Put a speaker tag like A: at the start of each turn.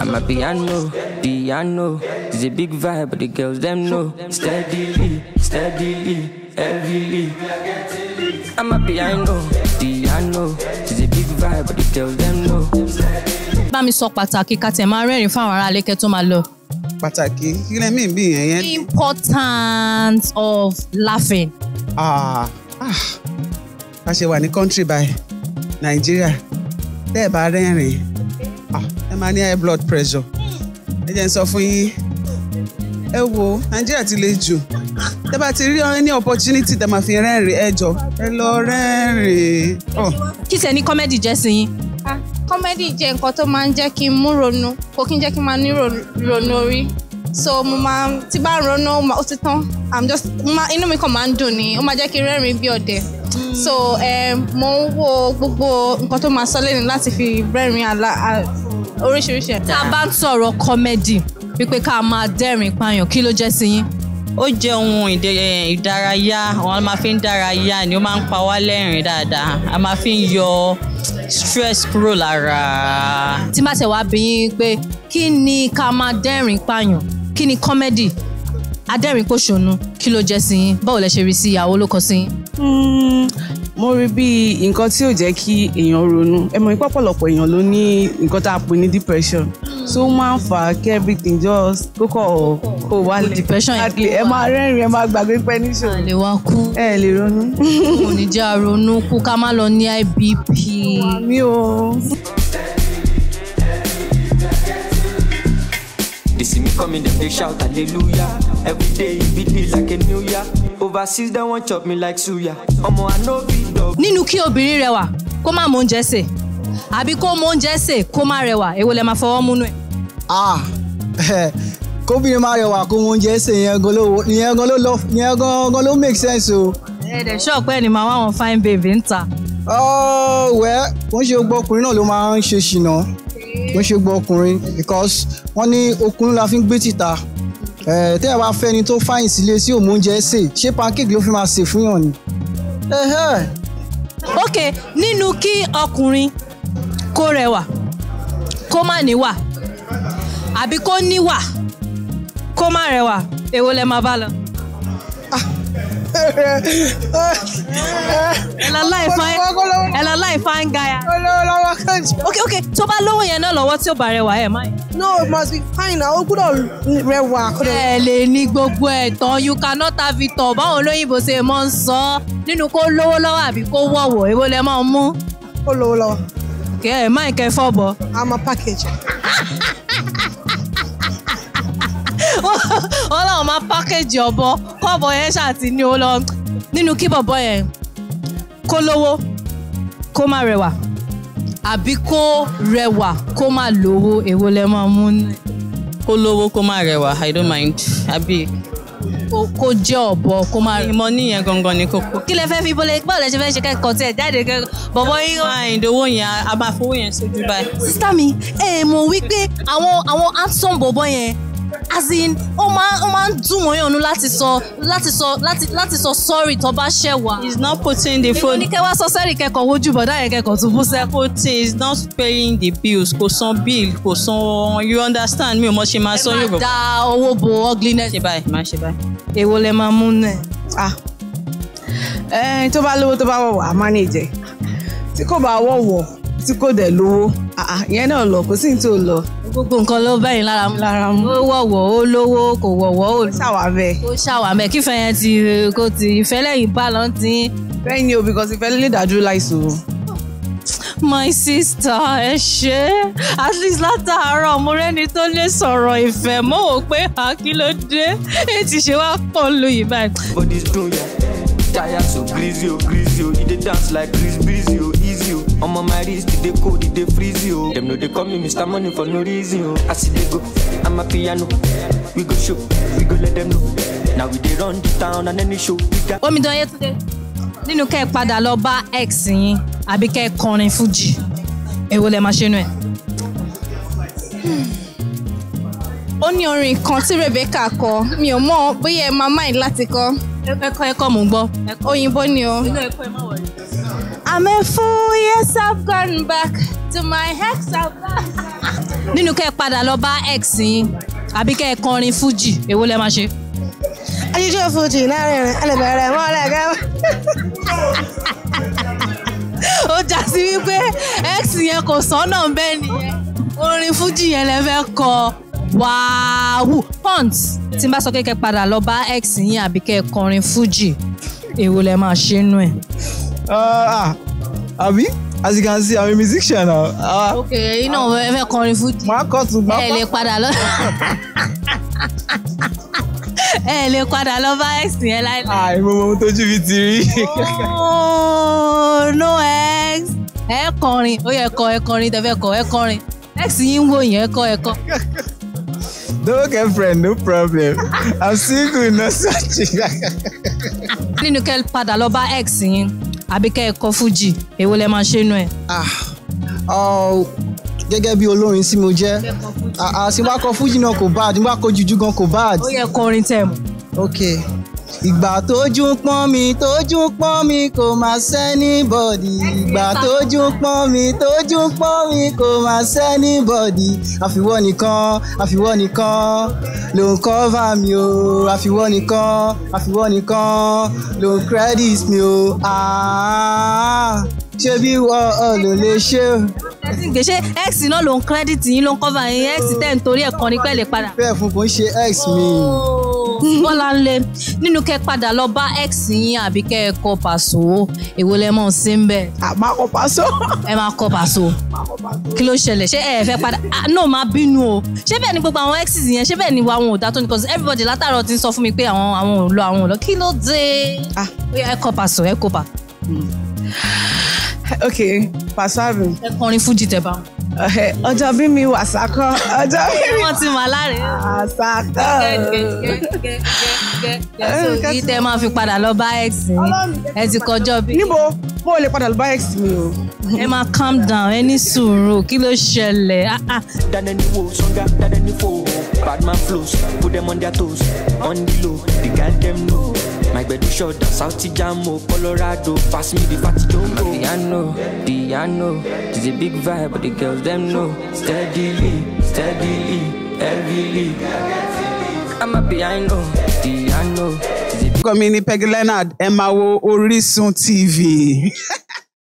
A: I'm a piano,
B: piano. It's a big vibe, but the girls them know. Steadily, steadily, heavily.
A: I'm a piano, piano. It's a big vibe, but the girls them know.
B: bá mi sọ pàtàkì ká tẹ̀ máa rẹ́rìn-ín fáwọn ará alẹ́kẹ́ tó máa lọ.
A: pàtàkì kí lẹ́ mí bí yẹn yẹn. importance of laughing. ah ah a ṣe wà ní country by Nigeria. tẹ́ ẹ bá rẹ́rìn ah máa ní high blood pressure ẹ jẹ́ n sọ fún yín ẹ wo nàìjíríà ti le jù tẹ́ bá ti rí any opportunity tẹ́ máa fi rẹ́rìn ẹ jọ ẹ lọ rẹ́rìn.
B: kí ṣe ni kọ́mẹ́dì jẹ́ sí yín. kọ́mẹ́dì jẹ́ nǹkan tó máa ń jẹ́ kí n mú ronú kò kí n jẹ́ kí n máa ní ronú orí so mo máa tí bá ronú ó ti tán i'm just inú mi kàn máa ń dùn ni ó máa jẹ́ kí n rẹ́rìn bí ọ̀dẹ̀ so eh, mo ń wo gbogbo nǹkan tó máa sọ lẹ́nu láti fi rẹ́rìn oríṣiríṣi ẹ̀. tá a bá ń sọ̀rọ̀ kọ́mẹ́dì wípé ká máa dẹ́rìn payàn kí ló jẹ́ sí yín. ó jẹ́ ohun ìdárayá àwọn a máa fi ń dárayá ni ó máa ń pa wá lẹ́rìn dáadáa a máa fi ń yọ stress kúrò lára. tí má tẹ̀ wá bí yín pé kí ni ká máa dẹ́rìn payàn kí ni kọ́mẹ́dì adẹ́rìn pòṣónú kí ló jẹ́ sí yín báwo lẹ ṣe rí sí ìyàwó ló kọ sí yín. Hmm, mo rí bí nǹkan tí ò jẹ́ kí èèyàn ronú ẹ mọ̀ ìpọ́pọ̀lọpọ̀ èèyàn ló ní nǹkan tá a pè ní depression so ó máa ń fà á kí everything just kókò kó wá lè depression yìí ẹ máa rẹ́rìn ẹ máa gbàgbé pẹ́ níṣòro ẹ lè wá kú ẹ lè ronú. kò ní jẹ́ àronú kú ká má lọ ní IBP. mi ò.
A: They see me shout hallelujah. Every day it be like a new year overseas dem wan chop me like suya ọmọ i no be
B: dog. nínú kí obìnrin rẹwà kó má mọ oúnjẹ sè àbí kó mọ oúnjẹ sè kó má rẹwà èwo lẹ máa fọwọ́ múnú ẹ̀.
A: ah kóbìnrin má rẹwà kó mọ oúnjẹ sè yẹn gan ló yẹn gan lọ yẹn gan gan ló make sense o. ẹ dẹ̀ ṣọ́ọ̀pẹ́ ni màá
B: wọn fine baby ń ta.
A: ọ̀ oh, wẹ́ wọ́n ṣe gbọ́ ọkùnrin náà ló máa ń ṣe ṣìnà wọ́n ṣe gbọ́ ọkùnrin because wọ́n ní okùnrin la fi ń gbé títà ẹ eh, tẹ́ ẹ bá fẹ́ ni tó fáyìn sílé sí òmò oúnjẹ ṣe ṣé pancake ló fi máa ṣe fún yàn ni.
B: ok nínú kí ọkùnrin kó rẹwà kó má níwà àbí kó níwà kó má rẹwà èwo lẹ máa bá lọ ẹ̀lọ́ láì fine guy. olówó lọ́wọ́ kan jù. ok ok tó bá lówó yẹn náà lọ́wọ́ tí ó bá rẹwà ẹ̀ máa. no it must be fine ó gbọ́dọ̀ rẹwà. ẹ lè ní gbogbo ẹ̀tàn you cannot have it all báwọn olóyìnbó ṣe máa ń sọ nínú kó lówó lọ́wọ́ àbí kó wọ̀wọ̀ èwo lẹ máa mú. ó lówó lọ́wọ́. kẹ́ ẹ̀ máa kẹ́ fọ́ bọ̀. I'm a package. wọ́n láwọn máa pákéjì ọ̀bọ kọ́bọ yẹn ṣàti ní o lọ nínú kí bọ̀bọ̀ yẹn kó lówó kó má rẹwà àbí kó rẹwà kó má lówó èwo lẹ máa mú ní. kó lówó kó má rẹwà i don't mind Abi. kó jẹ́ ọ̀bọ kó máa. ìmọ̀ níyẹn gangan ni kókó. kí lẹ fẹ́ fi bọ́lẹ̀ báwo ṣe fẹ́ ṣe kẹ́kọ̀ọ́ tí jáde kẹ́kọ̀ọ́ bọ̀bọ̀ yín. máa ìdòwò yẹn a máa fowó yẹn sójú báyìí. sísá mi ẹ wípé àwọn àwọn handsome bọ̀bọ̀ yẹn as in ó máa ó máa ń dùn wọ́n yànnú láti sọ láti sọ láti láti sọ sorry tó bá ṣẹ̀ wá. he is not putting the phone. èmi ní kẹ́ wá sọ sẹ́rì kẹ́kọ̀ọ́ wojú bọ̀dá yẹn kẹ́kọ̀ọ́ tó bú sẹ́. he is not paying the bills kò san bill kò san you understand mi ò mọ̀ ṣe máa sọ yorùbá. ẹ máa da owó bo ugliness. ṣe báyìí máa ṣe báyìí. èwo lẹ máa mú náà. ah ẹ tó bá lówó tó bá wọ̀wọ̀ a máa ní ìjẹ tí kò bá wọ̀wọ̀ tí kò dẹ̀ lówó ìyẹn náà lọ kò sí ní tí ò lọ gbogbo nǹkan ló bẹ́yìn lára mu lára mu ó wọ̀wọ̀ ó lówó kò wọ̀wọ̀ ó ṣàwàmẹ́ ó ṣàwàmẹ́ kífẹ́ yẹn ti kò ti ìfẹ́ lẹ́yìn bálantín. bẹ́ẹ̀ ni o because ìfẹ́ lè dájú láìsò. my sister ẹ ṣe at least látàárọ̀ mo rẹ́ni tó lè sọ̀rọ̀ ìfẹ́ mo wò pé a kí ló dé èyí ti ṣe wá pọ̀ lu yìí báyìí.
A: body dun ya tire so greasy o oh, greasy o oh. e dey dance like grease breezy o oh ọmọ my wrist dey cold e dey freeze o dem no dey call me mr money for no reason o as e dey go i'm a piano we go show we go let dem know na we dey run the town and any show we got.
B: omidan yetunde nínú kẹ́ ẹ padà lọ bá ex yín àbí kẹ́ ẹ kọrin fújì èwo lẹ máa ṣe nú ẹ. Hmm. ó ní orin kan tí Rebecca kọ mi ò mọ bóyá ẹ máa máì láti kọ. ẹkọ ẹkọ mò ń gbọ́. òyìnbó ni o. inú ẹkọ ẹ má wọlé. I'm a fool, yes, I've gone back to my ex. Nínú kẹ́ ẹ padà lọ bá ex yín, àbí kẹ́ ẹ kọrin Fuji, èwo lẹ máa ṣe? Ajíjọ́ Fuji náà rìnrìn, a lè bẹ̀rẹ̀ mọ́ ọ̀rẹ́ ẹ̀gá. Ó já sí wípé ex yẹn kò sọ́nà bẹ́ẹ̀ nìyẹn. Orin Fuji yẹn lẹ fẹ́ kọ wàáwù pọ́ǹtì tí n bá sọ kékeré padà lọ bá ex yín àbí kẹ́ ẹ kọrin Fuji èwo lẹ máa ṣe nú ẹ̀.
A: Uh, ah, àbí as you can see i'm a musician now. Uh, ok ẹyin náà ẹ
B: fẹ́ kọrin fújì. máa kọ tún máa kọ ẹ lè padà lọ ẹ lè padà lọ bá ẹ̀sìn ẹ láìláì. àì
A: ah, mo mọ ohun tójú mi ti rí. Oh,
B: no ex ẹ kọrin ó yẹ kọ ẹ kọrin tẹfẹ kọ ẹ kọrin ex yín wò yẹn ẹ kọ ẹ kọ.
A: no girlfriend no problem i'm single no searching.
B: nínú kẹ́ padà lọ bá ex yín àbí kẹ́ ẹ kọ́ fújì èwo lẹ máa ṣe nú ẹ̀. Ah,
A: oh, gẹ́gẹ́ bí olórin tí mo jẹ́ àti bá kọ fújì náà kò bad bá kọ jùjú gan kò bad. ó yẹ kọrin tẹ̀ mọ́. okay ìgbà tójú pọ́n mi tójú pọ́n mi kò má sẹ́ni bọ̀dì ìgbà tójú pọ́n mi tójú pọ́n mi kò má sẹ́ni bọ̀dì àfiwọ́ nìkan àfiwọ́ nìkan ló ń kọ́fà mi o àfiwọ́ nìkan àfiwọ́ nìkan ló ń credit mi o ah, ṣé bí wọ́n ọ̀ ló lè ṣe
B: gbé ṣe x náà ló ń credit yín ló ń cover yín x ten torí ẹ̀ kan ní pẹ̀lẹ́ padà. bẹ́ẹ̀ fún kò ń ṣe x mi. Oh. Bọ́láńlé nínú kẹ́ padà lọ bá ex yín àbí kẹ́ ẹ kọ pàṣọ èwo lẹ mọ̀ sí ń bẹ̀. a máa kọ pàṣọ. ẹ máa kọ pàṣọ kí ló ṣẹlẹ̀ ṣé ẹ fẹ́ padà ah, no má bínú o ṣé bẹ́ẹ̀ ni gbogbo àwọn exes yẹn ṣé bẹ́ẹ̀ ni àwọn òdà tó ní cause everybody látàárọ̀ ti ń sọ fún mi pé àwọn àwọn ò lọ àwọn ò lọ kí ló dé ah. ẹ kọ pàṣọ ẹ kọ pà ok Pasuma. ẹ kọrin fújì tẹ bá wọn ọjọ́ bí mi wà sákọ́ ọjọ́ bí mi wọ́n ti mà láre sákọ́ yìí tẹ́ máa fi padà lọ bá ex mi ẹ ti kọjọ́ bí. níbo mo lè padà lọ bá ex mi o. ẹ máa calm down ẹ ní sùúrù kí ló ṣẹlẹ̀. Ah, ah. dandan ni wo sanga dandan ni fo
A: bad flows put them on their toes on the low the guy dem know. My gbedu shot down South Jamo, oh, Colorado. Pass me
B: the fatty jumbo. Piano, piano. It's a big vibe, but the girls them know. Steadily, steadily, heavily. I'm a piano,
A: piano. Kọ́ mi ni Peggy Leonard, ẹ máa wo Orísun TV.